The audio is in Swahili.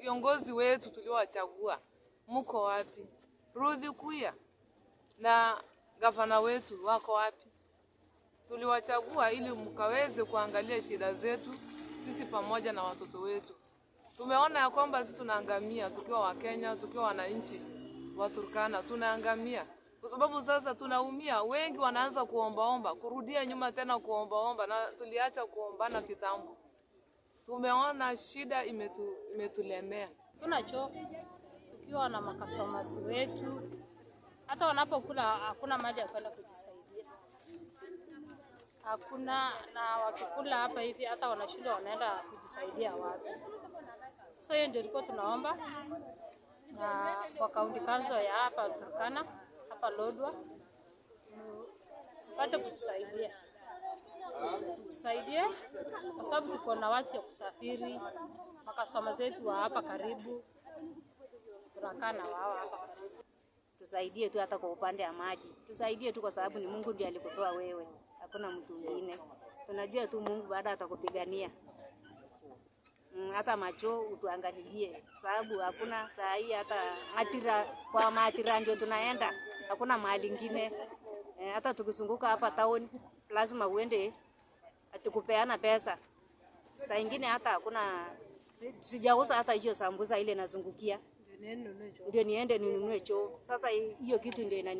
viongozi wetu tuliowachagua mko wapi? Rudhi Kuya na gavana wetu wako wapi? Tuliwachagua ili mkaweze kuangalia shida zetu sisi pamoja na watoto wetu. Tumeona ya kwamba sisi tunaangamia tukiwa Wakenya, tukiwa wananchi wa Turkana tunaangamia kwa sababu sasa tunaumia. Wengi wanaanza kuombaomba, kurudia nyuma tena kuombaomba, na tuliacha kuombana kitambo tumeona shida imetu, imetulemea. Tunachoka tukiwa na makastomasi wetu, hata wanapokula hakuna maji ya kwenda kujisaidia, hakuna na wakikula hapa hivi, hata wanashindwa wanaenda kujisaidia wapi? Sasa hiyo ndio ilikuwa tunaomba na kwa kaunti kanzo ya hapa Turkana hapa Lodwa mpate kutusaidia tusaidie, kwa sababu tuko na watu ya kusafiri, makastoma zetu wa hapa karibu tunakaa na wao hapa karibu. Tusaidie tu hata kwa upande wa maji, tusaidie tu, kwa sababu ni Mungu ndiye alikutoa wewe, hakuna mtu mwingine. Tunajua tu Mungu baada atakupigania mm, hata macho utuangalilie, sababu hakuna saa hii hata matira, kwa matira ndio tunaenda, hakuna mahali ingine. Eh, hata tukizunguka hapa town lazima uende ati kupeana pesa. Saa ingine hata hakuna sijauza hata hiyo sambusa ile nazungukia, ndio niende ninunue choo. Sasa hiyo kitu ndio inani